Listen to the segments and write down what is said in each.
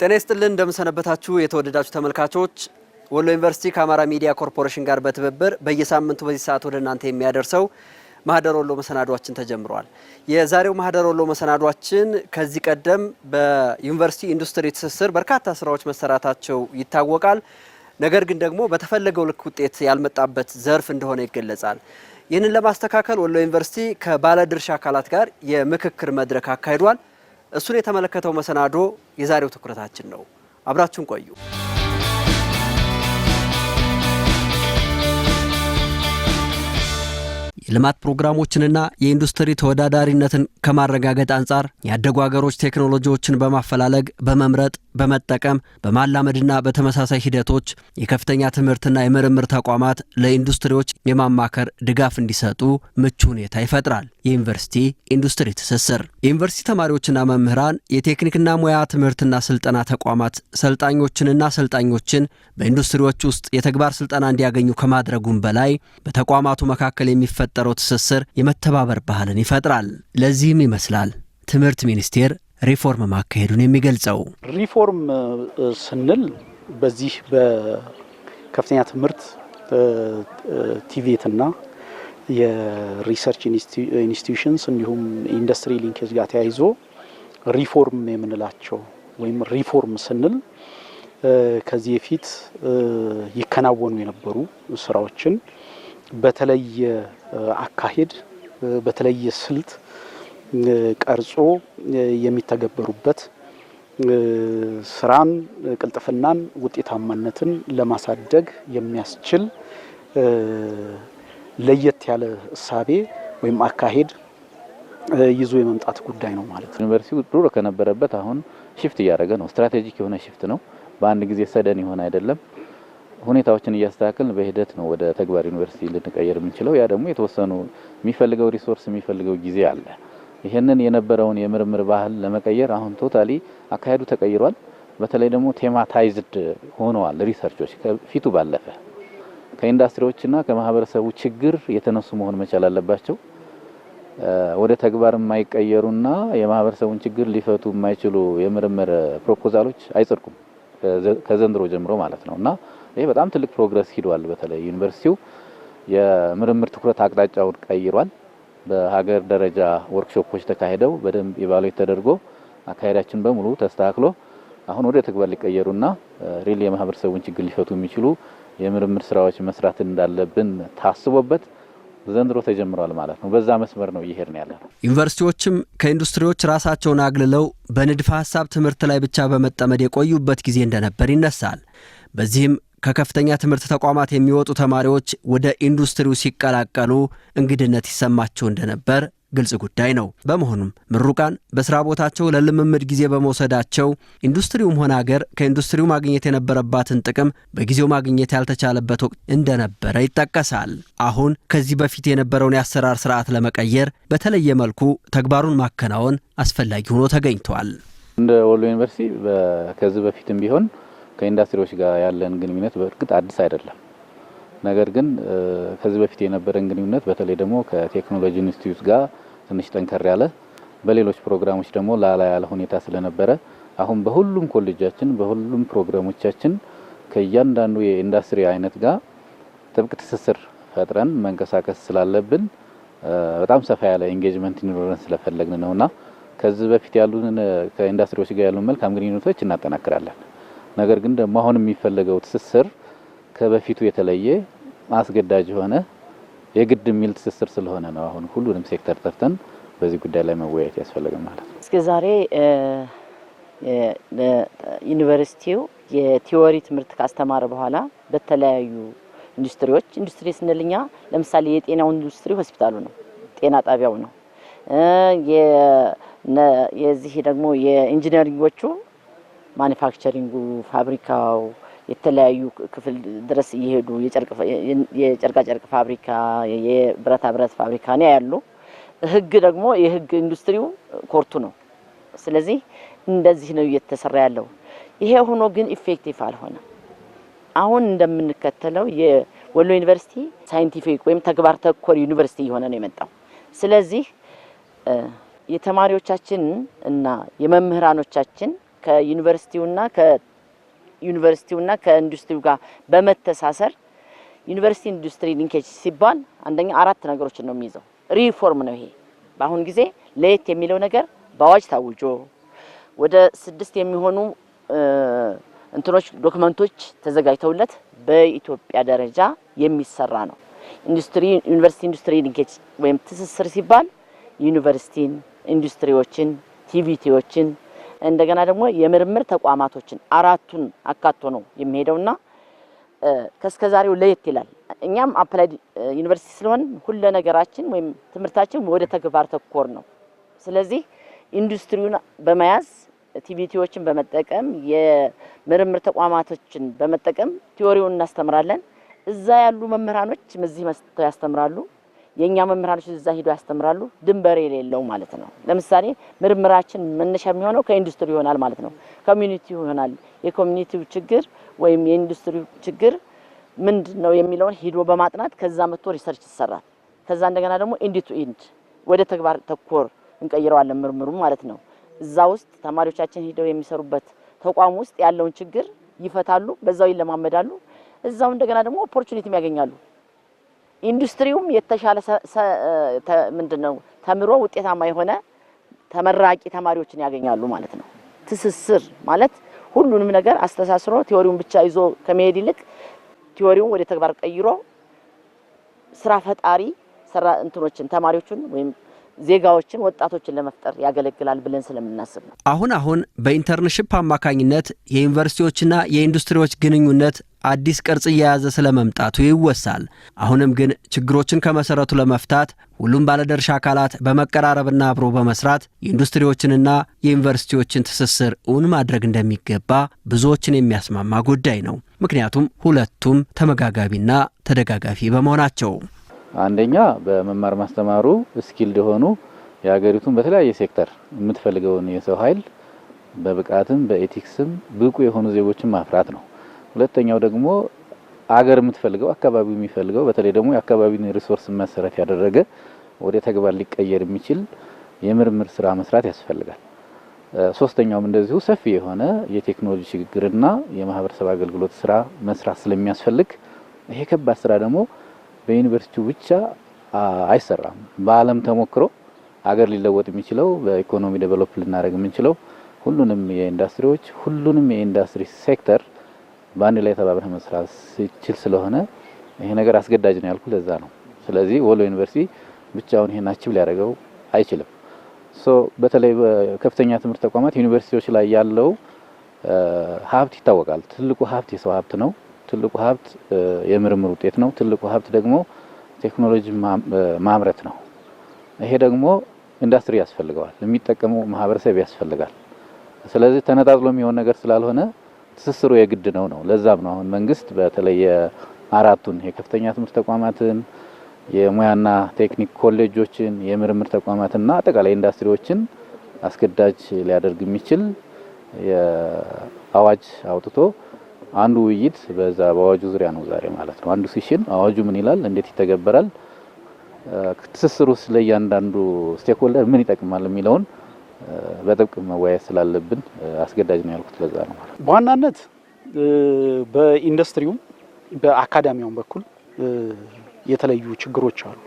ጤና ይስጥልን እንደምሰነበታችሁ የተወደዳችሁ ተመልካቾች። ወሎ ዩኒቨርሲቲ ከአማራ ሚዲያ ኮርፖሬሽን ጋር በትብብር በየሳምንቱ በዚህ ሰዓት ወደ እናንተ የሚያደርሰው ማህደር ወሎ መሰናዷችን ተጀምሯል። የዛሬው ማህደር ወሎ መሰናዷችን ከዚህ ቀደም በዩኒቨርሲቲ ኢንዱስትሪ ትስስር በርካታ ስራዎች መሰራታቸው ይታወቃል። ነገር ግን ደግሞ በተፈለገው ልክ ውጤት ያልመጣበት ዘርፍ እንደሆነ ይገለጻል። ይህንን ለማስተካከል ወሎ ዩኒቨርሲቲ ከባለድርሻ አካላት ጋር የምክክር መድረክ አካሂዷል። እሱን የተመለከተው መሰናዶ የዛሬው ትኩረታችን ነው። አብራችሁን ቆዩ። የልማት ፕሮግራሞችንና የኢንዱስትሪ ተወዳዳሪነትን ከማረጋገጥ አንጻር ያደጉ አገሮች ቴክኖሎጂዎችን በማፈላለግ በመምረጥ በመጠቀም በማላመድና በተመሳሳይ ሂደቶች የከፍተኛ ትምህርትና የምርምር ተቋማት ለኢንዱስትሪዎች የማማከር ድጋፍ እንዲሰጡ ምቹ ሁኔታ ይፈጥራል። የዩኒቨርሲቲ ኢንዱስትሪ ትስስር የዩኒቨርሲቲ ተማሪዎችና መምህራን የቴክኒክና ሙያ ትምህርትና ስልጠና ተቋማት ሰልጣኞችንና ሰልጣኞችን በኢንዱስትሪዎች ውስጥ የተግባር ስልጠና እንዲያገኙ ከማድረጉም በላይ በተቋማቱ መካከል የሚፈ የሚፈጠረው ትስስር የመተባበር ባህልን ይፈጥራል። ለዚህም ይመስላል ትምህርት ሚኒስቴር ሪፎርም ማካሄዱን የሚገልጸው። ሪፎርም ስንል በዚህ በከፍተኛ ትምህርት ቲቬትና የሪሰርች ኢንስቲትዩሽንስ እንዲሁም ኢንዱስትሪ ሊንኬጅ ጋር ተያይዞ ሪፎርም የምንላቸው ወይም ሪፎርም ስንል ከዚህ በፊት ይከናወኑ የነበሩ ስራዎችን በተለየ አካሄድ በተለየ ስልት ቀርጾ የሚተገበሩበት ስራን፣ ቅልጥፍናን፣ ውጤታማነትን ለማሳደግ የሚያስችል ለየት ያለ እሳቤ ወይም አካሄድ ይዞ የመምጣት ጉዳይ ነው ማለት ነው። ዩኒቨርሲቲው ድሮ ከነበረበት አሁን ሽፍት እያደረገ ነው። ስትራቴጂክ የሆነ ሽፍት ነው። በአንድ ጊዜ ሰደን የሆነ አይደለም። ሁኔታዎችን እያስተካከልን በሂደት ነው ወደ ተግባር ዩኒቨርሲቲ ልንቀየር የምንችለው። ያ ደግሞ የተወሰኑ የሚፈልገው ሪሶርስ የሚፈልገው ጊዜ አለ። ይህንን የነበረውን የምርምር ባህል ለመቀየር አሁን ቶታሊ አካሄዱ ተቀይሯል። በተለይ ደግሞ ቴማታይዝድ ሆነዋል ሪሰርቾች ከፊቱ ባለፈ ከኢንዱስትሪዎችና ከማህበረሰቡ ችግር የተነሱ መሆን መቻል አለባቸው። ወደ ተግባር የማይቀየሩና የማህበረሰቡን ችግር ሊፈቱ የማይችሉ የምርምር ፕሮፖዛሎች አይጸድቁም ከዘንድሮ ጀምሮ ማለት ነው እና ይሄ በጣም ትልቅ ፕሮግረስ ሂዷል። በተለይ ዩኒቨርሲቲው የምርምር ትኩረት አቅጣጫውን ቀይሯል። በሀገር ደረጃ ወርክሾፖች ተካሂደው በደንብ ኢቫሉዌት ተደርጎ አካሄዳችን በሙሉ ተስተካክሎ አሁን ወደ ተግባር ሊቀየሩና ሪል የማህበረሰቡን ችግር ሊፈቱ የሚችሉ የምርምር ስራዎች መስራት እንዳለብን ታስቦበት ዘንድሮ ተጀምሯል ማለት ነው። በዛ መስመር ነው እየሄድ ነው ያለ ነው። ዩኒቨርሲቲዎችም ከኢንዱስትሪዎች ራሳቸውን አግልለው በንድፈ ሀሳብ ትምህርት ላይ ብቻ በመጠመድ የቆዩበት ጊዜ እንደነበር ይነሳል። በዚህም ከከፍተኛ ትምህርት ተቋማት የሚወጡ ተማሪዎች ወደ ኢንዱስትሪው ሲቀላቀሉ እንግድነት ይሰማቸው እንደነበር ግልጽ ጉዳይ ነው። በመሆኑም ምሩቃን በስራ ቦታቸው ለልምምድ ጊዜ በመውሰዳቸው ኢንዱስትሪውም ሆነ አገር ከኢንዱስትሪው ማግኘት የነበረባትን ጥቅም በጊዜው ማግኘት ያልተቻለበት ወቅት እንደነበረ ይጠቀሳል። አሁን ከዚህ በፊት የነበረውን የአሰራር ስርዓት ለመቀየር በተለየ መልኩ ተግባሩን ማከናወን አስፈላጊ ሆኖ ተገኝቷል። እንደ ወሎ ዩኒቨርሲቲ ከዚህ በፊትም ቢሆን ከኢንዱስትሪዎች ጋር ያለን ግንኙነት በእርግጥ አዲስ አይደለም። ነገር ግን ከዚህ በፊት የነበረን ግንኙነት በተለይ ደግሞ ከቴክኖሎጂ ኢንስቲትዩት ጋር ትንሽ ጠንከር ያለ፣ በሌሎች ፕሮግራሞች ደግሞ ላላ ያለ ሁኔታ ስለነበረ አሁን በሁሉም ኮሌጃችን በሁሉም ፕሮግራሞቻችን ከእያንዳንዱ የኢንዱስትሪ አይነት ጋር ጥብቅ ትስስር ፈጥረን መንቀሳቀስ ስላለብን በጣም ሰፋ ያለ ኢንጌጅመንት እንዲኖረን ስለፈለግን ነውና ከዚህ በፊት ያሉን ከኢንዱስትሪዎች ጋር ያሉን መልካም ግንኙነቶች እናጠናክራለን። ነገር ግን ደግሞ አሁን የሚፈለገው ትስስር ከበፊቱ የተለየ አስገዳጅ የሆነ የግድ የሚል ትስስር ስለሆነ ነው። አሁን ሁሉንም ሴክተር ጠርተን በዚህ ጉዳይ ላይ መወያየት ያስፈልግም ማለት ነው። እስከ ዛሬ ዩኒቨርሲቲው የቲዎሪ ትምህርት ካስተማረ በኋላ በተለያዩ ኢንዱስትሪዎች ኢንዱስትሪ ስንልኛ ለምሳሌ የጤናው ኢንዱስትሪ ሆስፒታሉ ነው፣ ጤና ጣቢያው ነው። የዚህ ደግሞ የኢንጂነሪንጎቹ ማኒፋክቸሪንጉ ፋብሪካው የተለያዩ ክፍል ድረስ እየሄዱ የጨርቃጨርቅ ፋብሪካ፣ የብረታ ብረት ፋብሪካ ነው ያሉ። ህግ ደግሞ የህግ ኢንዱስትሪው ኮርቱ ነው። ስለዚህ እንደዚህ ነው እየተሰራ ያለው። ይሄ ሆኖ ግን ኢፌክቲቭ አልሆነ። አሁን እንደምንከተለው የወሎ ዩኒቨርሲቲ ሳይንቲፊክ ወይም ተግባር ተኮር ዩኒቨርሲቲ እየሆነ ነው የመጣው። ስለዚህ የተማሪዎቻችን እና የመምህራኖቻችን ከዩኒቨርሲቲውና ከዩኒቨርሲቲውና ከኢንዱስትሪው ጋር በመተሳሰር ዩኒቨርሲቲ ኢንዱስትሪ ሊንኬጅ ሲባል አንደኛ አራት ነገሮችን ነው የሚይዘው። ሪፎርም ነው ይሄ። በአሁን ጊዜ ለየት የሚለው ነገር በአዋጅ ታውጆ ወደ ስድስት የሚሆኑ እንትኖች ዶክመንቶች ተዘጋጅተውለት በኢትዮጵያ ደረጃ የሚሰራ ነው። ኢንዱስትሪ ዩኒቨርሲቲ ኢንዱስትሪ ሊንኬጅ ወይም ትስስር ሲባል ዩኒቨርሲቲን፣ ኢንዱስትሪዎችን፣ ቲቪቲዎችን እንደገና ደግሞ የምርምር ተቋማቶችን አራቱን አካቶ ነው የሚሄደውና ከስከዛሬው ለየት ይላል። እኛም አፕላይድ ዩኒቨርሲቲ ስለሆን ሁለ ነገራችን ወይም ትምህርታችን ወደ ተግባር ተኮር ነው። ስለዚህ ኢንዱስትሪውን በመያዝ ቲቪቲዎችን በመጠቀም የምርምር ተቋማቶችን በመጠቀም ቲዎሪውን እናስተምራለን። እዛ ያሉ መምህራኖች እዚህ መስተው ያስተምራሉ። የእኛ መምህራኖች እዛ ሂዶ ያስተምራሉ። ድንበር የሌለው ማለት ነው። ለምሳሌ ምርምራችን መነሻ የሚሆነው ከኢንዱስትሪ ይሆናል ማለት ነው። ኮሚኒቲ ይሆናል። የኮሚኒቲው ችግር ወይም የኢንዱስትሪው ችግር ምንድን ነው የሚለውን ሂዶ በማጥናት ከዛ መጥቶ ሪሰርች ይሰራል። ከዛ እንደገና ደግሞ ኢንድ ቱ ኢንድ ወደ ተግባር ተኮር እንቀይረዋለን ምርምሩ ማለት ነው። እዛ ውስጥ ተማሪዎቻችን ሂደው የሚሰሩበት ተቋም ውስጥ ያለውን ችግር ይፈታሉ፣ በዛው ይለማመዳሉ። እዛው እንደገና ደግሞ ኦፖርቹኒቲም ያገኛሉ። ኢንዱስትሪውም የተሻለ ምንድን ነው ተምሮ ውጤታማ የሆነ ተመራቂ ተማሪዎችን ያገኛሉ ማለት ነው። ትስስር ማለት ሁሉንም ነገር አስተሳስሮ ቴዎሪውን ብቻ ይዞ ከመሄድ ይልቅ ቴዎሪውን ወደ ተግባር ቀይሮ ስራ ፈጣሪ እንትኖችን ተማሪዎችን ወይም ዜጋዎችን ወጣቶችን ለመፍጠር ያገለግላል ብለን ስለምናስብ ነው። አሁን አሁን በኢንተርንሽፕ አማካኝነት የዩኒቨርሲቲዎችና የኢንዱስትሪዎች ግንኙነት አዲስ ቅርጽ እየያዘ ስለመምጣቱ ይወሳል። አሁንም ግን ችግሮችን ከመሰረቱ ለመፍታት ሁሉም ባለድርሻ አካላት በመቀራረብና አብሮ በመስራት የኢንዱስትሪዎችንና የዩኒቨርሲቲዎችን ትስስር እውን ማድረግ እንደሚገባ ብዙዎችን የሚያስማማ ጉዳይ ነው። ምክንያቱም ሁለቱም ተመጋጋቢና ተደጋጋፊ በመሆናቸው አንደኛ በመማር ማስተማሩ ስኪል የሆኑ የሀገሪቱን በተለያየ ሴክተር የምትፈልገውን የሰው ኃይል በብቃትም በኤቲክስም ብቁ የሆኑ ዜጎችን ማፍራት ነው። ሁለተኛው ደግሞ አገር የምትፈልገው አካባቢው የሚፈልገው በተለይ ደግሞ የአካባቢን ሪሶርስ መሰረት ያደረገ ወደ ተግባር ሊቀየር የሚችል የምርምር ስራ መስራት ያስፈልጋል። ሶስተኛውም እንደዚሁ ሰፊ የሆነ የቴክኖሎጂ ሽግግርና የማህበረሰብ አገልግሎት ስራ መስራት ስለሚያስፈልግ ይሄ ከባድ ስራ ደግሞ በዩኒቨርሲቲ ብቻ አይሰራም። በዓለም ተሞክሮ ሀገር ሊለወጥ የሚችለው በኢኮኖሚ ዴቨሎፕ ልናደርግ የምንችለው ሁሉንም የኢንዱስትሪዎች ሁሉንም የኢንዱስትሪ ሴክተር በአንድ ላይ ተባብረህ መስራት ሲችል ስለሆነ ይሄ ነገር አስገዳጅ ነው ያልኩ ለዛ ነው። ስለዚህ ወሎ ዩኒቨርሲቲ ብቻውን ይሄን አችብ ሊያደርገው አይችልም። ሶ በተለይ በከፍተኛ ትምህርት ተቋማት ዩኒቨርሲቲዎች ላይ ያለው ሀብት ይታወቃል። ትልቁ ሀብት የሰው ሀብት ነው። ትልቁ ሀብት የምርምር ውጤት ነው። ትልቁ ሀብት ደግሞ ቴክኖሎጂ ማምረት ነው። ይሄ ደግሞ ኢንዱስትሪ ያስፈልገዋል፣ የሚጠቀመው ማህበረሰብ ያስፈልጋል። ስለዚህ ተነጣጥሎ የሚሆን ነገር ስላልሆነ ትስስሩ የግድ ነው ነው። ለዛም ነው አሁን መንግስት በተለይ አራቱን የከፍተኛ ትምህርት ተቋማትን የሙያና ቴክኒክ ኮሌጆችን የምርምር ተቋማትና አጠቃላይ ኢንዱስትሪዎችን አስገዳጅ ሊያደርግ የሚችል አዋጅ አውጥቶ አንዱ ውይይት በዛ በአዋጁ ዙሪያ ነው ዛሬ ማለት ነው። አንዱ ሴሽን አዋጁ ምን ይላል፣ እንዴት ይተገበራል፣ ትስስር ውስጥ ለእያንዳንዱ ስቴክሆልደር ምን ይጠቅማል የሚለውን በጥብቅ መወያየት ስላለብን አስገዳጅ ነው ያልኩት ለዛ ነው ማለት ነው። በዋናነት በኢንዱስትሪውም በአካዳሚያውም በኩል የተለዩ ችግሮች አሉ።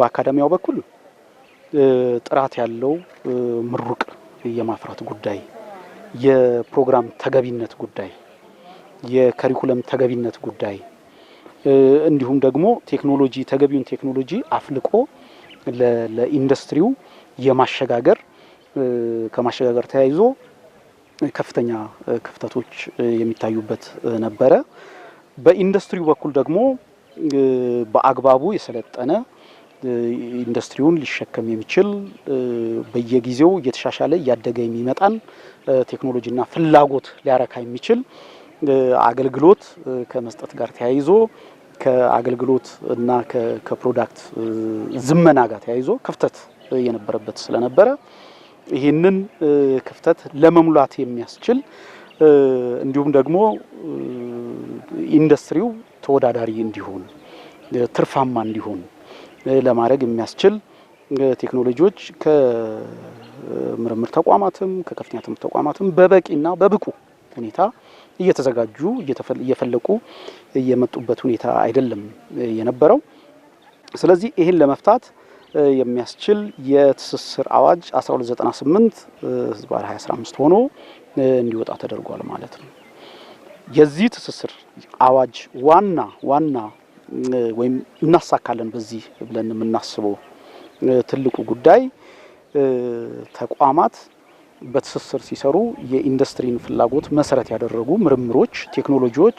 በአካዳሚያው በኩል ጥራት ያለው ምሩቅ የማፍራት ጉዳይ የፕሮግራም ተገቢነት ጉዳይ፣ የከሪኩለም ተገቢነት ጉዳይ እንዲሁም ደግሞ ቴክኖሎጂ ተገቢውን ቴክኖሎጂ አፍልቆ ለኢንዱስትሪው የማሸጋገር ከማሸጋገር ተያይዞ ከፍተኛ ክፍተቶች የሚታዩበት ነበረ። በኢንዱስትሪው በኩል ደግሞ በአግባቡ የሰለጠነ ኢንዱስትሪውን ሊሸከም የሚችል በየጊዜው እየተሻሻለ እያደገ የሚመጣን ቴክኖሎጂና ፍላጎት ሊያረካ የሚችል አገልግሎት ከመስጠት ጋር ተያይዞ ከአገልግሎት እና ከፕሮዳክት ዝመና ጋር ተያይዞ ክፍተት የነበረበት ስለነበረ ይህንን ክፍተት ለመሙላት የሚያስችል እንዲሁም ደግሞ ኢንዱስትሪው ተወዳዳሪ እንዲሆን ትርፋማ እንዲሆን ለማድረግ የሚያስችል ቴክኖሎጂዎች ከምርምር ተቋማትም ከከፍተኛ ትምህርት ተቋማትም በበቂና በብቁ ሁኔታ እየተዘጋጁ እየፈለቁ የመጡበት ሁኔታ አይደለም የነበረው። ስለዚህ ይህን ለመፍታት የሚያስችል የትስስር አዋጅ 1298 ህዝባር 2015 ሆኖ እንዲወጣ ተደርጓል ማለት ነው። የዚህ ትስስር አዋጅ ዋና ዋና ወይም እናሳካለን በዚህ ብለን የምናስበው ትልቁ ጉዳይ ተቋማት በትስስር ሲሰሩ የኢንዱስትሪን ፍላጎት መሰረት ያደረጉ ምርምሮች፣ ቴክኖሎጂዎች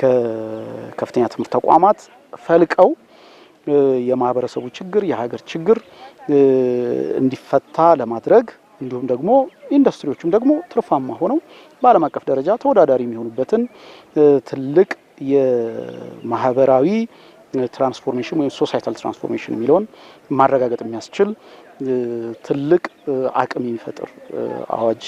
ከከፍተኛ ትምህርት ተቋማት ፈልቀው የማህበረሰቡ ችግር የሀገር ችግር እንዲፈታ ለማድረግ እንዲሁም ደግሞ ኢንዱስትሪዎቹም ደግሞ ትርፋማ ሆነው በዓለም አቀፍ ደረጃ ተወዳዳሪ የሚሆኑበትን ትልቅ የማህበራዊ ትራንስፎርሜሽን ወይም ሶሳይታል ትራንስፎርሜሽን የሚለውን ማረጋገጥ የሚያስችል ትልቅ አቅም የሚፈጥር አዋጅ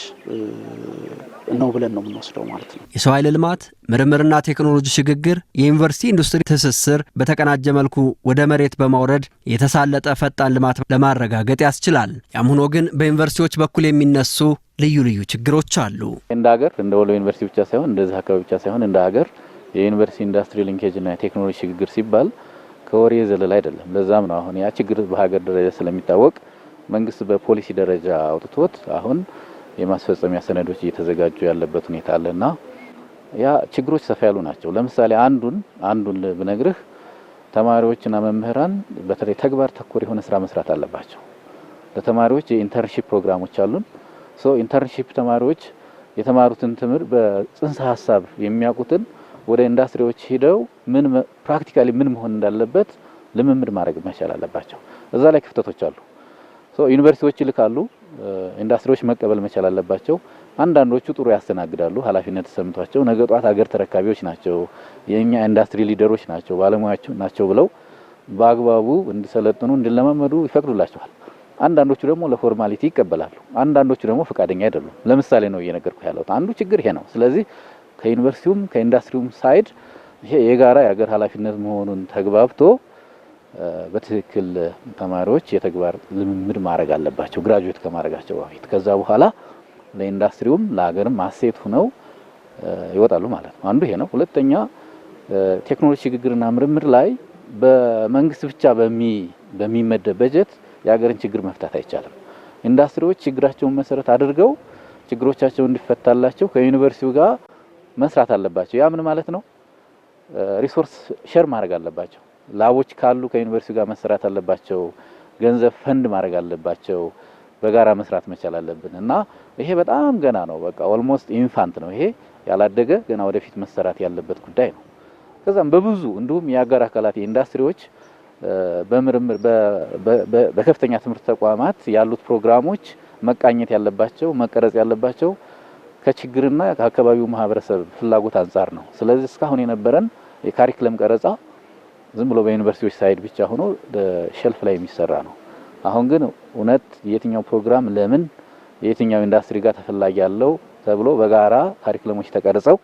ነው ብለን ነው የምንወስደው ማለት ነው። የሰው ኃይል ልማት ምርምርና ቴክኖሎጂ ሽግግር የዩኒቨርሲቲ ኢንዱስትሪ ትስስር በተቀናጀ መልኩ ወደ መሬት በማውረድ የተሳለጠ ፈጣን ልማት ለማረጋገጥ ያስችላል። ያም ሆኖ ግን በዩኒቨርሲቲዎች በኩል የሚነሱ ልዩ ልዩ ችግሮች አሉ። እንደ ሀገር እንደ ወሎ ዩኒቨርሲቲ ብቻ ሳይሆን እንደዚህ አካባቢ ብቻ ሳይሆን እንደ ሀገር የዩኒቨርሲቲ ኢንዱስትሪ ሊንኬጅ እና የቴክኖሎጂ ሽግግር ሲባል ከወሬ ዘለል አይደለም። ለዛም ነው አሁን ያ ችግር በሀገር ደረጃ ስለሚታወቅ መንግስት በፖሊሲ ደረጃ አውጥቶት አሁን የማስፈጸሚያ ሰነዶች እየተዘጋጁ ያለበት ሁኔታ አለና ያ ችግሮች ሰፋ ያሉ ናቸው። ለምሳሌ አንዱን አንዱን ብነግርህ ተማሪዎችና መምህራን በተለይ ተግባር ተኮር የሆነ ስራ መስራት አለባቸው። ለተማሪዎች የኢንተርንሺፕ ፕሮግራሞች አሉን። ሶ ኢንተርንሺፕ ተማሪዎች የተማሩትን ትምህርት በጽንሰ ሀሳብ የሚያውቁትን ወደ ኢንዱስትሪዎች ሂደው ምን ፕራክቲካሊ ምን መሆን እንዳለበት ልምምድ ማድረግ መቻል አለባቸው። እዛ ላይ ክፍተቶች አሉ። ዩኒቨርሲቲዎች ይልካሉ፣ ኢንዱስትሪዎች መቀበል መቻል አለባቸው። አንዳንዶቹ ጥሩ ያስተናግዳሉ፣ ኃላፊነት ተሰምቷቸው ነገ ጧት ሀገር ተረካቢዎች ናቸው፣ የእኛ ኢንዱስትሪ ሊደሮች ናቸው፣ ባለሙያዎች ናቸው ብለው በአግባቡ እንዲሰለጥኑ እንዲለማመዱ ይፈቅዱላቸዋል። አንዳንዶቹ ደግሞ ለፎርማሊቲ ይቀበላሉ። አንዳንዶቹ ደግሞ ፈቃደኛ አይደሉም። ለምሳሌ ነው እየነገርኩ ያለሁት። አንዱ ችግር ይሄ ነው። ስለዚህ ከዩኒቨርሲቲውም ከኢንዱስትሪውም ሳይድ ይሄ የጋራ የሀገር ኃላፊነት መሆኑን ተግባብቶ በትክክል ተማሪዎች የተግባር ልምምድ ማድረግ አለባቸው ግራጁዌት ከማድረጋቸው በፊት። ከዛ በኋላ ለኢንዱስትሪውም ለሀገርም አሴት ሁነው ይወጣሉ ማለት ነው። አንዱ ይሄ ነው። ሁለተኛ ቴክኖሎጂ ሽግግርና ምርምር ላይ በመንግስት ብቻ በሚመደብ በጀት የሀገርን ችግር መፍታት አይቻልም። ኢንዱስትሪዎች ችግራቸውን መሰረት አድርገው ችግሮቻቸው እንዲፈታላቸው ከዩኒቨርሲቲው ጋር መስራት አለባቸው። ያ ምን ማለት ነው? ሪሶርስ ሼር ማድረግ አለባቸው። ላቦች ካሉ ከዩኒቨርሲቲ ጋር መስራት አለባቸው። ገንዘብ ፈንድ ማድረግ አለባቸው። በጋራ መስራት መቻል አለብን እና ይሄ በጣም ገና ነው። በቃ ኦልሞስት ኢንፋንት ነው ይሄ ያላደገ ገና ወደፊት መሰራት ያለበት ጉዳይ ነው። ከዛም በብዙ እንዲሁም የአጋር አካላት የኢንዱስትሪዎች በምርምር በከፍተኛ ትምህርት ተቋማት ያሉት ፕሮግራሞች መቃኘት ያለባቸው መቀረጽ ያለባቸው ከችግርና ከአካባቢው ማህበረሰብ ፍላጎት አንጻር ነው። ስለዚህ እስካሁን የነበረን የካሪክለም ቀረጻ ዝም ብሎ በዩኒቨርሲቲዎች ሳይድ ብቻ ሆኖ ሸልፍ ላይ የሚሰራ ነው። አሁን ግን እውነት የትኛው ፕሮግራም ለምን የትኛው ኢንዱስትሪ ጋር ተፈላጊ ያለው ተብሎ በጋራ ካሪክለሞች ተቀርጸው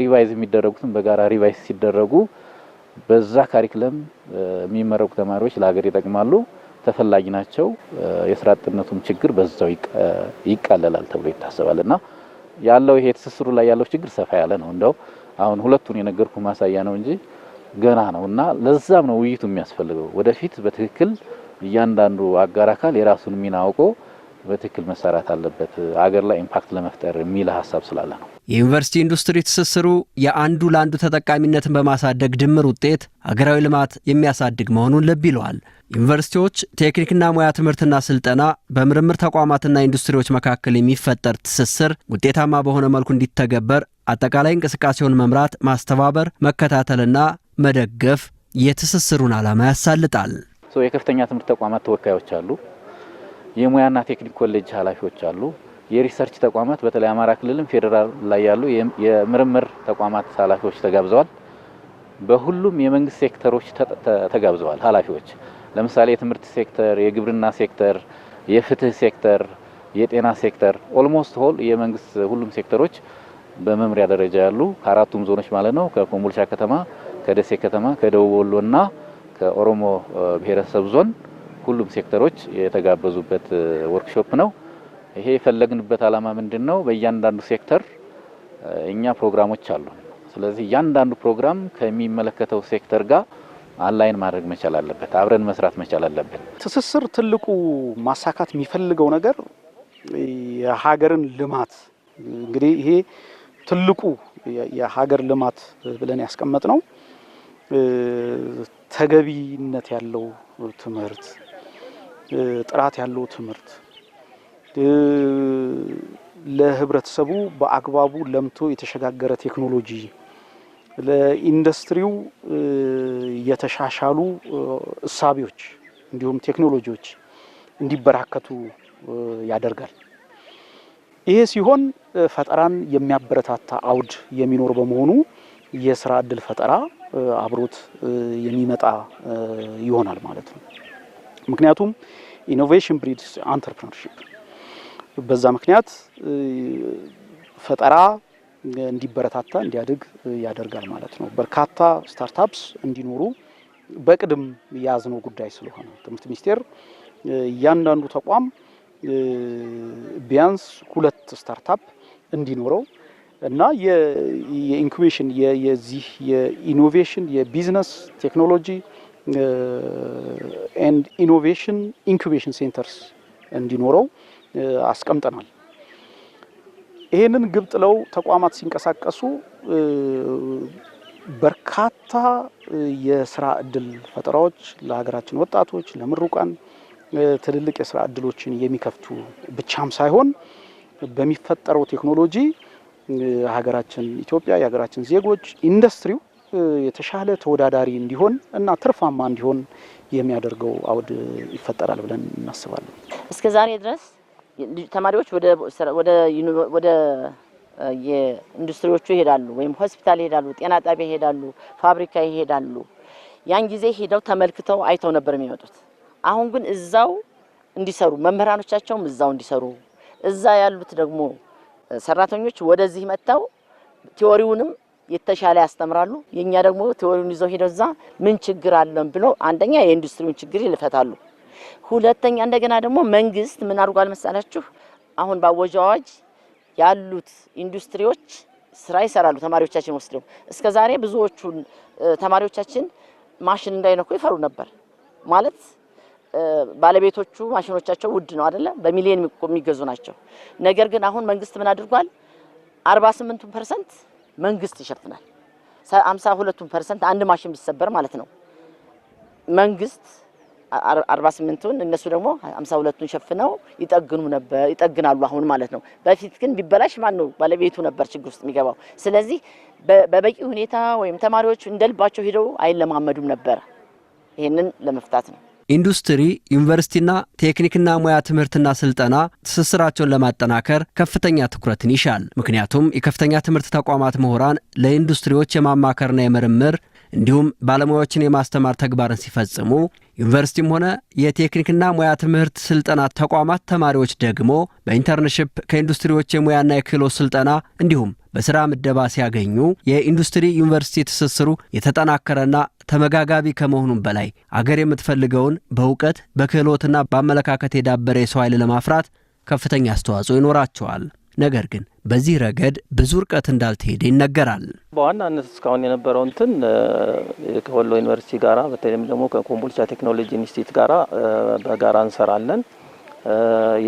ሪቫይዝ የሚደረጉትም በጋራ ሪቫይዝ ሲደረጉ በዛ ካሪክለም የሚመረቁ ተማሪዎች ለሀገር ይጠቅማሉ፣ ተፈላጊ ናቸው፣ የስራ አጥነቱም ችግር በዛው ይቃለላል ተብሎ ይታሰባል እና ያለው ይሄ ትስስሩ ላይ ያለው ችግር ሰፋ ያለ ነው። እንደው አሁን ሁለቱን የነገርኩ ማሳያ ነው እንጂ ገና ነው እና ለዛም ነው ውይይቱ የሚያስፈልገው። ወደፊት በትክክል እያንዳንዱ አጋር አካል የራሱን ሚና አውቆ በትክክል መሰራት አለበት አገር ላይ ኢምፓክት ለመፍጠር የሚል ሀሳብ ስላለ ነው። የዩኒቨርሲቲ ኢንዱስትሪ ትስስሩ የአንዱ ለአንዱ ተጠቃሚነትን በማሳደግ ድምር ውጤት ሀገራዊ ልማት የሚያሳድግ መሆኑን ልብ ይለዋል። ዩኒቨርሲቲዎች ቴክኒክና ሙያ ትምህርትና ስልጠና በምርምር ተቋማትና ኢንዱስትሪዎች መካከል የሚፈጠር ትስስር ውጤታማ በሆነ መልኩ እንዲተገበር አጠቃላይ እንቅስቃሴውን መምራት፣ ማስተባበር፣ መከታተልና መደገፍ የትስስሩን ዓላማ ያሳልጣል። የከፍተኛ ትምህርት ተቋማት ተወካዮች አሉ። የሙያና ቴክኒክ ኮሌጅ ኃላፊዎች አሉ። የሪሰርች ተቋማት በተለይ አማራ ክልልም ፌዴራል ላይ ያሉ የምርምር ተቋማት ኃላፊዎች ተጋብዘዋል። በሁሉም የመንግስት ሴክተሮች ተጋብዘዋል ኃላፊዎች ለምሳሌ የትምህርት ሴክተር፣ የግብርና ሴክተር፣ የፍትህ ሴክተር፣ የጤና ሴክተር ኦልሞስት ሆል የመንግስት ሁሉም ሴክተሮች በመምሪያ ደረጃ ያሉ ከአራቱም ዞኖች ማለት ነው ከኮምቦልቻ ከተማ፣ ከደሴ ከተማ፣ ከደቡብ ወሎና ከኦሮሞ ብሔረሰብ ዞን ሁሉም ሴክተሮች የተጋበዙበት ወርክሾፕ ነው። ይሄ የፈለግንበት ዓላማ ምንድን ነው? በእያንዳንዱ ሴክተር እኛ ፕሮግራሞች አሉ። ስለዚህ እያንዳንዱ ፕሮግራም ከሚመለከተው ሴክተር ጋር አላይን ማድረግ መቻል አለበት። አብረን መስራት መቻል አለበት። ትስስር ትልቁ ማሳካት የሚፈልገው ነገር የሀገርን ልማት እንግዲህ ይሄ ትልቁ የሀገር ልማት ብለን ያስቀመጥ ነው ተገቢነት ያለው ትምህርት ጥራት ያለው ትምህርት ለህብረተሰቡ በአግባቡ ለምቶ የተሸጋገረ ቴክኖሎጂ ለኢንዱስትሪው የተሻሻሉ እሳቢዎች እንዲሁም ቴክኖሎጂዎች እንዲበራከቱ ያደርጋል። ይሄ ሲሆን ፈጠራን የሚያበረታታ አውድ የሚኖር በመሆኑ የስራ እድል ፈጠራ አብሮት የሚመጣ ይሆናል ማለት ነው። ምክንያቱም ኢኖቬሽን ብሪድስ አንተርፕረነርሺፕ። በዛ ምክንያት ፈጠራ እንዲበረታታ እንዲያድግ ያደርጋል ማለት ነው። በርካታ ስታርታፕስ እንዲኖሩ በቅድም የያዝነው ጉዳይ ስለሆነ ትምህርት ሚኒስቴር እያንዳንዱ ተቋም ቢያንስ ሁለት ስታርታፕ እንዲኖረው እና የኢንኩቤሽን የዚህ የኢኖቬሽን የቢዝነስ ቴክኖሎጂ ኤንድ ኢኖቬሽን ኢንኩቤሽን ሴንተርስ እንዲኖረው አስቀምጠናል። ይህንን ግብ ጥለው ተቋማት ሲንቀሳቀሱ በርካታ የስራ እድል ፈጠራዎች ለሀገራችን ወጣቶች፣ ለምሩቃን ትልልቅ የስራ እድሎችን የሚከፍቱ ብቻም ሳይሆን በሚፈጠረው ቴክኖሎጂ ሀገራችን ኢትዮጵያ የሀገራችን ዜጎች ኢንዱስትሪው የተሻለ ተወዳዳሪ እንዲሆን እና ትርፋማ እንዲሆን የሚያደርገው አውድ ይፈጠራል ብለን እናስባለን። እስከ ዛሬ ድረስ ተማሪዎች ወደ የኢንዱስትሪዎቹ ይሄዳሉ፣ ወይም ሆስፒታል ይሄዳሉ፣ ጤና ጣቢያ ይሄዳሉ፣ ፋብሪካ ይሄዳሉ። ያን ጊዜ ሄደው ተመልክተው አይተው ነበር የሚመጡት። አሁን ግን እዛው እንዲሰሩ መምህራኖቻቸውም እዛው እንዲሰሩ እዛ ያሉት ደግሞ ሰራተኞች ወደዚህ መጥተው ቲዎሪውንም የተሻለ ያስተምራሉ። የእኛ ደግሞ ቴዎሪውን ይዘው ሄደው እዛ ምን ችግር አለን ብለው አንደኛ የኢንዱስትሪውን ችግር ይልፈታሉ። ሁለተኛ እንደገና ደግሞ መንግስት ምን አድርጓል መሰላችሁ? አሁን ባወጀ አዋጅ ያሉት ኢንዱስትሪዎች ስራ ይሰራሉ። ተማሪዎቻችን ወስደው እስከ ዛሬ ብዙዎቹን ተማሪዎቻችን ማሽን እንዳይነኩ ይፈሩ ነበር። ማለት ባለቤቶቹ ማሽኖቻቸው ውድ ነው አይደለ? በሚሊዮን የሚገዙ ናቸው። ነገር ግን አሁን መንግስት ምን አድርጓል? 48% መንግስት ይሸፍናል። አምሳ ሁለቱን ፐርሰንት አንድ ማሽን ቢሰበር ማለት ነው መንግስት አርባ ስምንቱን እነሱ ደግሞ አምሳ ሁለቱን ሸፍነው ይጠግኑ ነበር ይጠግናሉ አሁን ማለት ነው። በፊት ግን ቢበላሽ ማን ነው ባለቤቱ ነበር ችግር ውስጥ የሚገባው። ስለዚህ በበቂ ሁኔታ ወይም ተማሪዎች እንደልባቸው ሄደው አይለማመዱም ነበር። ይህንን ለመፍታት ነው። ኢንዱስትሪ፣ ዩኒቨርሲቲና ቴክኒክና ሙያ ትምህርትና ስልጠና ትስስራቸውን ለማጠናከር ከፍተኛ ትኩረትን ይሻል። ምክንያቱም የከፍተኛ ትምህርት ተቋማት ምሁራን ለኢንዱስትሪዎች የማማከርና የምርምር እንዲሁም ባለሙያዎችን የማስተማር ተግባርን ሲፈጽሙ ዩኒቨርሲቲም ሆነ የቴክኒክና ሙያ ትምህርት ስልጠና ተቋማት ተማሪዎች ደግሞ በኢንተርንሽፕ ከኢንዱስትሪዎች የሙያና የክህሎት ስልጠና እንዲሁም በስራ ምደባ ሲያገኙ የኢንዱስትሪ ዩኒቨርሲቲ ትስስሩ የተጠናከረና ተመጋጋቢ ከመሆኑም በላይ አገር የምትፈልገውን በእውቀት በክህሎትና በአመለካከት የዳበረ የሰው ኃይል ለማፍራት ከፍተኛ አስተዋጽኦ ይኖራቸዋል። ነገር ግን በዚህ ረገድ ብዙ እርቀት እንዳልተሄደ ይነገራል። በዋናነት እስካሁን የነበረው እንትን ከወሎ ዩኒቨርሲቲ ጋራ በተለይም ደግሞ ከኮምቦልቻ ቴክኖሎጂ ኢንስቲትዩት ጋራ በጋራ እንሰራለን።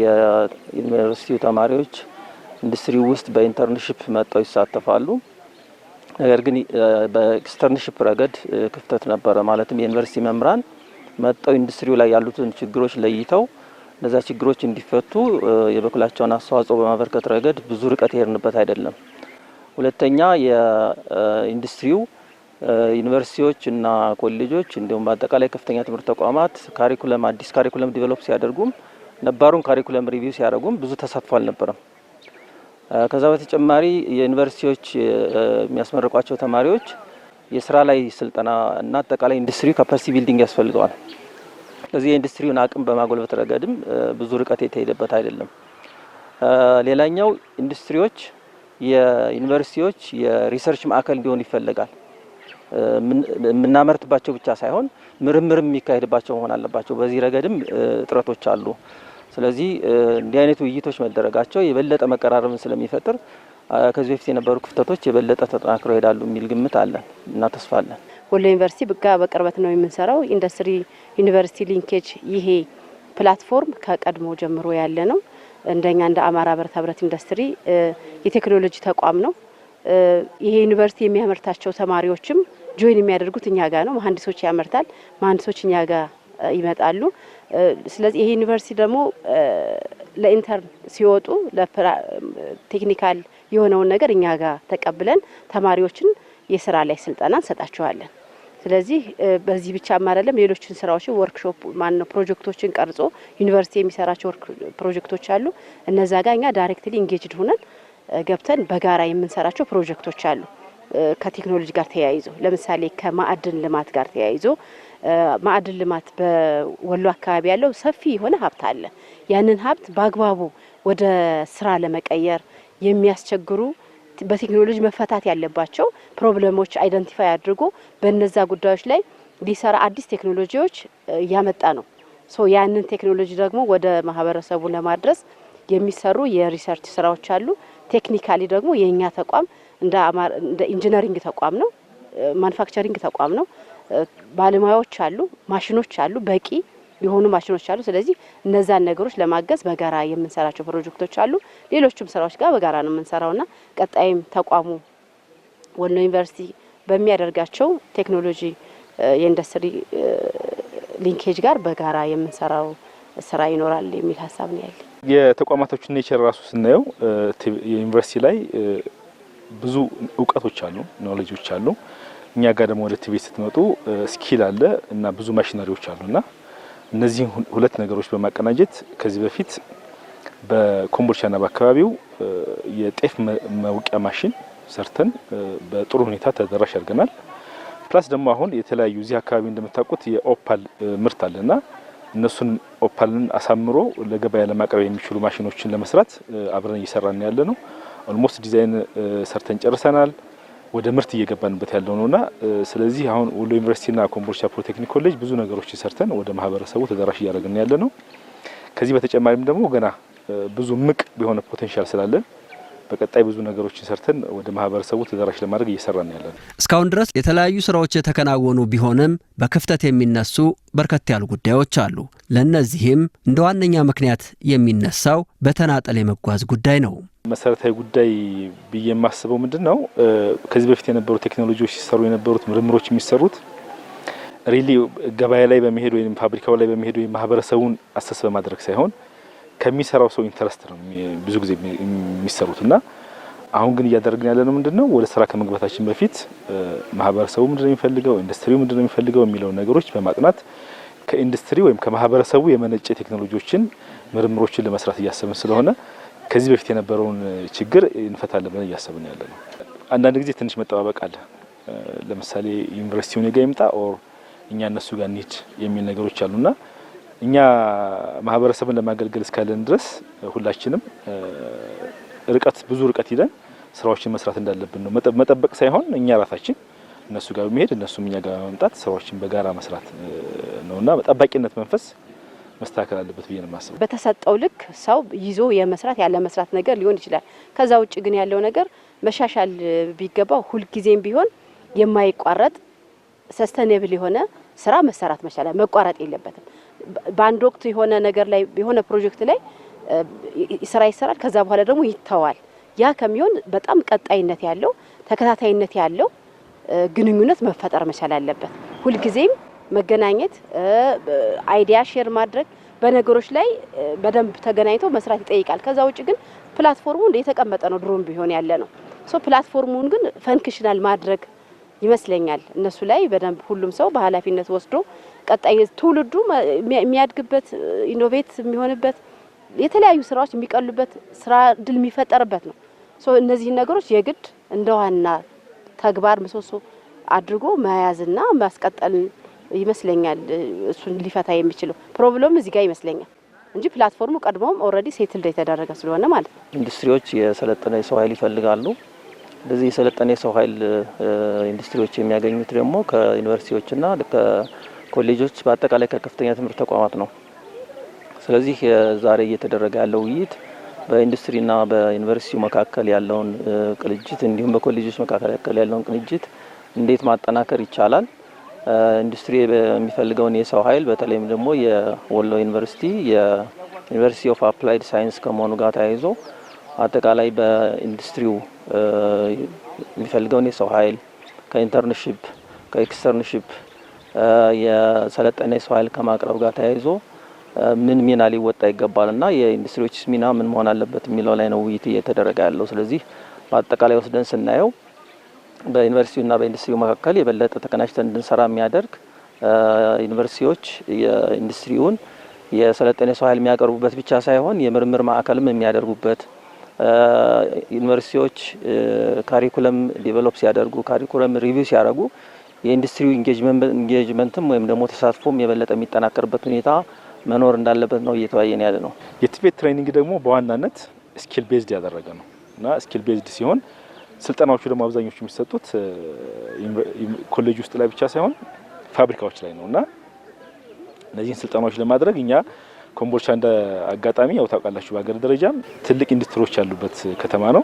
የዩኒቨርሲቲው ተማሪዎች ኢንዱስትሪ ውስጥ በኢንተርንሽፕ መጥተው ይሳተፋሉ። ነገር ግን በኤክስተርንሽፕ ረገድ ክፍተት ነበረ። ማለትም የዩኒቨርሲቲ መምህራን መጠው ኢንዱስትሪው ላይ ያሉትን ችግሮች ለይተው እነዛ ችግሮች እንዲፈቱ የበኩላቸውን አስተዋጽኦ በማበርከት ረገድ ብዙ ርቀት የሄድንበት አይደለም። ሁለተኛ የኢንዱስትሪው ዩኒቨርሲቲዎች እና ኮሌጆች እንዲሁም በአጠቃላይ ከፍተኛ ትምህርት ተቋማት ካሪኩለም አዲስ ካሪኩለም ዲቨሎፕ ሲያደርጉም ነባሩን ካሪኩለም ሪቪው ሲያደርጉም ብዙ ተሳትፎ አልነበረም። ከዛ በተጨማሪ የዩኒቨርሲቲዎች የሚያስመርቋቸው ተማሪዎች የስራ ላይ ስልጠና እና አጠቃላይ ኢንዱስትሪ ካፓሲቲ ቢልዲንግ ያስፈልገዋል። ስለዚህ የኢንዱስትሪውን አቅም በማጎልበት ረገድም ብዙ ርቀት የተሄደበት አይደለም። ሌላኛው ኢንዱስትሪዎች የዩኒቨርሲቲዎች የሪሰርች ማዕከል እንዲሆን ይፈለጋል። የምናመርትባቸው ብቻ ሳይሆን ምርምር የሚካሄድባቸው መሆን አለባቸው። በዚህ ረገድም እጥረቶች አሉ። ስለዚህ እንዲህ አይነት ውይይቶች መደረጋቸው የበለጠ መቀራረብን ስለሚፈጥር ከዚህ በፊት የነበሩ ክፍተቶች የበለጠ ተጠናክረው ይሄዳሉ የሚል ግምት አለን እና ተስፋ አለን። ወሎ ዩኒቨርሲቲ ብጋ በቅርበት ነው የምንሰራው። ኢንዱስትሪ ዩኒቨርሲቲ ሊንኬጅ ይሄ ፕላትፎርም ከቀድሞ ጀምሮ ያለ ነው። እንደኛ እንደ አማራ ብረታ ብረት ኢንዱስትሪ የቴክኖሎጂ ተቋም ነው። ይሄ ዩኒቨርሲቲ የሚያመርታቸው ተማሪዎችም ጆይን የሚያደርጉት እኛ ጋር ነው። መሀንዲሶች ያመርታል፣ መሀንዲሶች እኛ ጋር ይመጣሉ። ስለዚህ ይሄ ዩኒቨርሲቲ ደግሞ ለኢንተርን ሲወጡ ቴክኒካል የሆነውን ነገር እኛ ጋር ተቀብለን ተማሪዎችን የስራ ላይ ስልጠና እንሰጣቸዋለን። ስለዚህ በዚህ ብቻ አይደለም፣ ሌሎችን ስራዎችን ወርክሾፕ ማን ነው ፕሮጀክቶችን ቀርጾ ዩኒቨርሲቲ የሚሰራቸው ፕሮጀክቶች አሉ። እነዛ ጋር እኛ ዳይሬክትሊ ኢንጌጅድ ሆነን ገብተን በጋራ የምንሰራቸው ፕሮጀክቶች አሉ። ከቴክኖሎጂ ጋር ተያይዞ ለምሳሌ ከማዕድን ልማት ጋር ተያይዞ ማዕድን ልማት በወሎ አካባቢ ያለው ሰፊ የሆነ ሀብት አለ። ያንን ሀብት በአግባቡ ወደ ስራ ለመቀየር የሚያስቸግሩ በቴክኖሎጂ መፈታት ያለባቸው ፕሮብለሞች አይደንቲፋይ አድርጎ በነዛ ጉዳዮች ላይ ሊሰራ አዲስ ቴክኖሎጂዎች እያመጣ ነው። ሶ ያንን ቴክኖሎጂ ደግሞ ወደ ማህበረሰቡ ለማድረስ የሚሰሩ የሪሰርች ስራዎች አሉ። ቴክኒካሊ ደግሞ የእኛ ተቋም እንደ ኢንጂነሪንግ ተቋም ነው። ማኑፋክቸሪንግ ተቋም ነው። ባለሙያዎች አሉ፣ ማሽኖች አሉ፣ በቂ የሆኑ ማሽኖች አሉ። ስለዚህ እነዛን ነገሮች ለማገዝ በጋራ የምንሰራቸው ፕሮጀክቶች አሉ። ሌሎችም ስራዎች ጋር በጋራ ነው ና ቀጣይም ተቋሙ ወሎ ዩኒቨርሲቲ በሚያደርጋቸው ቴክኖሎጂ የኢንዱስትሪ ሊንኬጅ ጋር በጋራ የምንሰራው ስራ ይኖራል የሚል ሀሳብ ነው ያለ። የተቋማቶች ኔቸር ራሱ ስናየው የዩኒቨርሲቲ ላይ ብዙ እውቀቶች አሉ፣ ኖሌጆች አሉ። እኛ ጋር ደግሞ ወደ ቲቤት ስትመጡ ስኪል አለ እና ብዙ ማሽነሪዎች አሉ እና እነዚህ ሁለት ነገሮች በማቀናጀት ከዚህ በፊት በኮምቦልቻና በአካባቢው የጤፍ መውቂያ ማሽን ሰርተን በጥሩ ሁኔታ ተደራሽ አድርገናል። ፕላስ ደግሞ አሁን የተለያዩ እዚህ አካባቢ እንደምታውቁት የኦፓል ምርት አለና እነሱን ኦፓልን አሳምሮ ለገበያ ለማቅረብ የሚችሉ ማሽኖችን ለመስራት አብረን እየሰራን ያለ ነው። ኦልሞስት ዲዛይን ሰርተን ጨርሰናል። ወደ ምርት እየገባንበት ያለው ነውና ስለዚህ አሁን ወሎ ዩኒቨርሲቲና ኮምቦልቻ ፖሊቴክኒክ ኮሌጅ ብዙ ነገሮችን ሰርተን ወደ ማህበረሰቡ ተደራሽ እያደረግን ያለ ነው። ከዚህ በተጨማሪም ደግሞ ገና ብዙ ምቅ የሆነ ፖቴንሻል ስላለን በቀጣይ ብዙ ነገሮችን ሰርተን ወደ ማህበረሰቡ ተደራሽ ለማድረግ እየሰራን ያለ ነው። እስካሁን ድረስ የተለያዩ ስራዎች የተከናወኑ ቢሆንም በክፍተት የሚነሱ በርከት ያሉ ጉዳዮች አሉ። ለእነዚህም እንደ ዋነኛ ምክንያት የሚነሳው በተናጠል የመጓዝ ጉዳይ ነው። መሰረታዊ ጉዳይ ብዬ የማስበው ምንድን ነው፣ ከዚህ በፊት የነበሩ ቴክኖሎጂዎች ሲሰሩ የነበሩት ምርምሮች የሚሰሩት ሪሊ ገበያ ላይ በመሄድ ወይም ፋብሪካው ላይ በመሄድ ወይም ማህበረሰቡን አሰስ በማድረግ ሳይሆን ከሚሰራው ሰው ኢንተረስት ነው ብዙ ጊዜ የሚሰሩት እና አሁን ግን እያደረግን ያለ ነው ምንድን ነው፣ ወደ ስራ ከመግባታችን በፊት ማህበረሰቡ ምንድን የሚፈልገው፣ ኢንዱስትሪው ምንድን የሚፈልገው የሚለውን ነገሮች በማጥናት ከኢንዱስትሪ ወይም ከማህበረሰቡ የመነጨ ቴክኖሎጂዎችን ምርምሮችን ለመስራት እያሰብን ስለሆነ ከዚህ በፊት የነበረውን ችግር እንፈታለን ብለን እያሰብን ያለ ነው። አንዳንድ ጊዜ ትንሽ መጠባበቅ አለ። ለምሳሌ ዩኒቨርሲቲው እኔ ጋ ይምጣ ኦር እኛ እነሱ ጋር እንሂድ የሚል ነገሮች አሉና እኛ ማህበረሰብን ለማገልገል እስካለን ድረስ ሁላችንም ርቀት ብዙ ርቀት ሂደን ስራዎችን መስራት እንዳለብን ነው። መጠበቅ ሳይሆን እኛ ራሳችን እነሱ ጋር በመሄድ እነሱም እኛ ጋር በመምጣት ስራዎችን በጋራ መስራት ነውና ጠባቂነት መንፈስ መስተካከል አለበት ብዬ ነው የማስበው። በተሰጠው ልክ ሰው ይዞ የመስራት ያለ መስራት ነገር ሊሆን ይችላል። ከዛ ውጭ ግን ያለው ነገር መሻሻል ቢገባው ሁልጊዜም ቢሆን የማይቋረጥ ሰስተኔብል የሆነ ስራ መሰራት መቻል መቋረጥ የለበትም። በአንድ ወቅት የሆነ ነገር ላይ የሆነ ፕሮጀክት ላይ ስራ ይሰራል። ከዛ በኋላ ደግሞ ይተዋል። ያ ከሚሆን በጣም ቀጣይነት ያለው ተከታታይነት ያለው ግንኙነት መፈጠር መቻል አለበት ሁልጊዜም መገናኘት፣ አይዲያ ሼር ማድረግ በነገሮች ላይ በደንብ ተገናኝቶ መስራት ይጠይቃል። ከዛ ውጭ ግን ፕላትፎርሙ እንደ የተቀመጠ ነው፣ ድሮም ቢሆን ያለ ነው። ሶ ፕላትፎርሙን ግን ፈንክሽናል ማድረግ ይመስለኛል። እነሱ ላይ በደንብ ሁሉም ሰው በኃላፊነት ወስዶ ቀጣይ ትውልዱ የሚያድግበት ኢኖቬት የሚሆንበት የተለያዩ ስራዎች የሚቀሉበት ስራ እድል የሚፈጠርበት ነው። ሶ እነዚህን ነገሮች የግድ እንደ ዋና ተግባር ምሰሶ አድርጎ መያዝና ማስቀጠል ይመስለኛል እሱን ሊፈታ የሚችለው ፕሮብለም እዚህ ጋር ይመስለኛል እንጂ ፕላትፎርሙ ቀድሞም ኦልሬዲ ሴትልድ የተደረገ ስለሆነ ማለት ነው። ኢንዱስትሪዎች የሰለጠነ የሰው ኃይል ይፈልጋሉ። እንደዚህ የሰለጠነ የሰው ኃይል ኢንዱስትሪዎች የሚያገኙት ደግሞ ከዩኒቨርሲቲዎችና ከኮሌጆች በአጠቃላይ ከከፍተኛ ትምህርት ተቋማት ነው። ስለዚህ ዛሬ እየተደረገ ያለው ውይይት በኢንዱስትሪና በዩኒቨርሲቲው መካከል ያለውን ቅንጅት እንዲሁም በኮሌጆች መካከል ያለውን ቅንጅት እንዴት ማጠናከር ይቻላል ኢንዱስትሪ የሚፈልገውን የሰው ኃይል በተለይም ደግሞ የወሎ ዩኒቨርሲቲ የዩኒቨርሲቲ ኦፍ አፕላይድ ሳይንስ ከመሆኑ ጋር ተያይዞ አጠቃላይ በኢንዱስትሪው የሚፈልገውን የሰው ኃይል ከኢንተርንሽፕ ከኤክስተርንሽፕ የሰለጠነ የሰው ኃይል ከማቅረብ ጋር ተያይዞ ምን ሚና ሊወጣ ይገባል እና የኢንዱስትሪዎች ሚና ምን መሆን አለበት የሚለው ላይ ነው ውይይት እየተደረገ ያለው። ስለዚህ በአጠቃላይ ወስደን ስናየው በዩኒቨርሲቲውና በኢንዱስትሪው መካከል የበለጠ ተቀናጅተን እንድንሰራ የሚያደርግ ዩኒቨርሲቲዎች የኢንዱስትሪውን የሰለጠነ ሰው ኃይል የሚያቀርቡበት ብቻ ሳይሆን የምርምር ማዕከልም የሚያደርጉበት ዩኒቨርሲቲዎች ካሪኩለም ዲቨሎፕ ሲያደርጉ ካሪኩለም ሪቪው ሲያደርጉ የኢንዱስትሪው ኢንጌጅመንትም ወይም ደግሞ ተሳትፎም የበለጠ የሚጠናከርበት ሁኔታ መኖር እንዳለበት ነው እየተወያየን ያለ ነው። የቲቤት ትሬኒንግ ደግሞ በዋናነት ስኪል ቤዝድ ያደረገ ነው እና ስኪል ቤዝድ ሲሆን ስልጠናዎቹ ደግሞ አብዛኞቹ የሚሰጡት ኮሌጅ ውስጥ ላይ ብቻ ሳይሆን ፋብሪካዎች ላይ ነው እና እነዚህን ስልጠናዎች ለማድረግ እኛ ኮምቦልቻ እንደ አጋጣሚ ያው ታውቃላችሁ በሀገር ደረጃም ትልቅ ኢንዱስትሪዎች ያሉበት ከተማ ነው።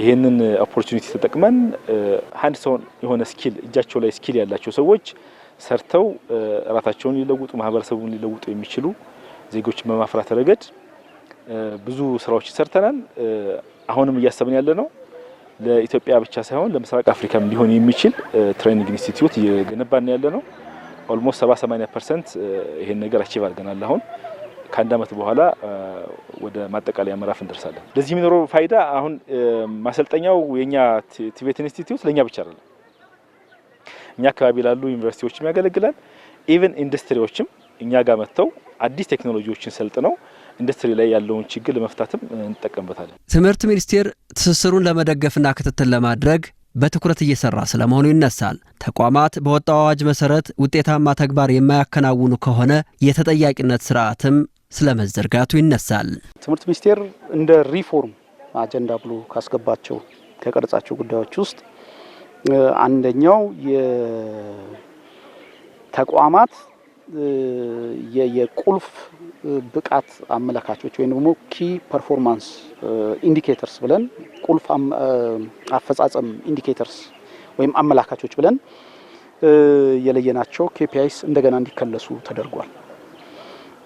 ይህንን ኦፖርቹኒቲ ተጠቅመን አንድ ሰው የሆነ ስኪል እጃቸው ላይ ስኪል ያላቸው ሰዎች ሰርተው እራሳቸውን ሊለውጡ ማህበረሰቡን ሊለውጡ የሚችሉ ዜጎችን በማፍራት ረገድ ብዙ ስራዎች ሰርተናል። አሁንም እያሰብን ያለ ነው። ለኢትዮጵያ ብቻ ሳይሆን ለምስራቅ አፍሪካም ሊሆን የሚችል ትሬኒንግ ኢንስቲትዩት እየገነባን ያለ ነው። ኦልሞስት 70 80 ፐርሰንት ይሄን ነገር አቺቭ አድርገናል። አሁን ከአንድ አመት በኋላ ወደ ማጠቃለያ ምዕራፍ እንደርሳለን። ለዚህ የሚኖረው ፋይዳ አሁን ማሰልጠኛው የኛ ቲቤት ኢንስቲትዩት ለእኛ ብቻ አይደለም፣ እኛ አካባቢ ላሉ ዩኒቨርሲቲዎችም ያገለግላል። ኢቨን ኢንዱስትሪዎችም እኛ ጋር መጥተው አዲስ ቴክኖሎጂዎችን ሰልጥነው ኢንዱስትሪ ላይ ያለውን ችግር ለመፍታትም እንጠቀምበታለን። ትምህርት ሚኒስቴር ትስስሩን ለመደገፍና ክትትል ለማድረግ በትኩረት እየሰራ ስለመሆኑ ይነሳል። ተቋማት በወጣው አዋጅ መሰረት ውጤታማ ተግባር የማያከናውኑ ከሆነ የተጠያቂነት ስርዓትም ስለመዘርጋቱ ይነሳል። ትምህርት ሚኒስቴር እንደ ሪፎርም አጀንዳ ብሎ ካስገባቸው ከቀረጻቸው ጉዳዮች ውስጥ አንደኛው የተቋማት የቁልፍ ብቃት አመለካቾች ወይም ደግሞ ኪ ፐርፎርማንስ ኢንዲኬተርስ ብለን ቁልፍ አፈጻጸም ኢንዲኬተርስ ወይም አመላካቾች ብለን የለየናቸው ኬፒአይስ እንደገና እንዲከለሱ ተደርጓል።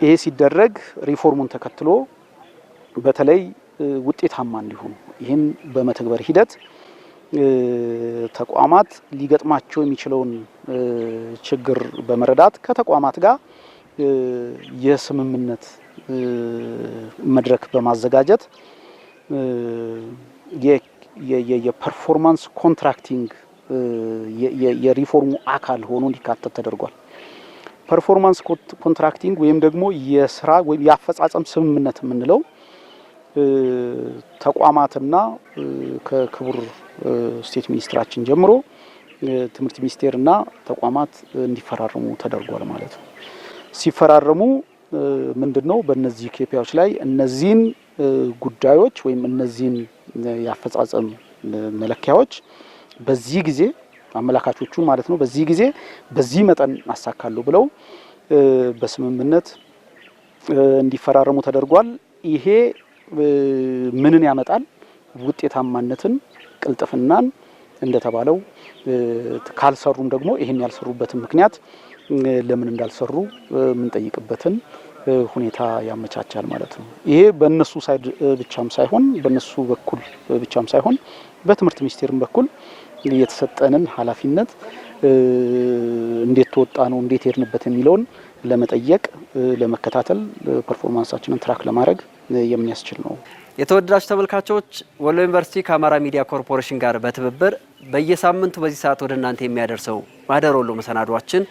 ይሄ ሲደረግ ሪፎርሙን ተከትሎ በተለይ ውጤታማ እንዲሆኑ ይህን በመተግበር ሂደት ተቋማት ሊገጥማቸው የሚችለውን ችግር በመረዳት ከተቋማት ጋር የስምምነት መድረክ በማዘጋጀት የፐርፎርማንስ ኮንትራክቲንግ የሪፎርሙ አካል ሆኖ እንዲካተት ተደርጓል። ፐርፎርማንስ ኮንትራክቲንግ ወይም ደግሞ የስራ ወይም የአፈጻጸም ስምምነት የምንለው ተቋማትና ከክቡር ስቴት ሚኒስትራችን ጀምሮ ትምህርት ሚኒስቴርና ተቋማት እንዲፈራረሙ ተደርጓል ማለት ነው። ሲፈራረሙ ምንድን ነው በእነዚህ ኬፒያዎች ላይ እነዚህን ጉዳዮች ወይም እነዚህን የአፈጻጸም መለኪያዎች በዚህ ጊዜ አመላካቾቹ ማለት ነው በዚህ ጊዜ በዚህ መጠን አሳካለሁ ብለው በስምምነት እንዲፈራረሙ ተደርጓል። ይሄ ምንን ያመጣል? ውጤታማነትን ቅልጥፍናን እንደተባለው ካልሰሩም ደግሞ ይህን ያልሰሩበትን ምክንያት ለምን እንዳልሰሩ የምንጠይቅበትን ሁኔታ ያመቻቻል ማለት ነው። ይሄ በእነሱ ሳይድ ብቻም ሳይሆን በእነሱ በኩል ብቻም ሳይሆን በትምህርት ሚኒስቴርም በኩል የተሰጠንን ኃላፊነት እንዴት ተወጣ ነው እንዴት ሄድንበት የሚለውን ለመጠየቅ፣ ለመከታተል፣ ፐርፎርማንሳችንን ትራክ ለማድረግ የሚያስችል ነው። የተወደዳችሁ ተመልካቾች ወሎ ዩኒቨርሲቲ ከአማራ ሚዲያ ኮርፖሬሽን ጋር በትብብር በየሳምንቱ በዚህ ሰዓት ወደ እናንተ የሚያደርሰው ማህደር ወሎ መሰናዷችን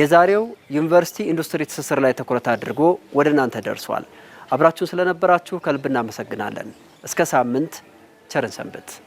የዛሬው ዩኒቨርሲቲ ኢንዱስትሪ ትስስር ላይ ትኩረት አድርጎ ወደ እናንተ ደርሷል። አብራችሁን ስለነበራችሁ ከልብ እናመሰግናለን። እስከ ሳምንት ቸርን ሰንብት።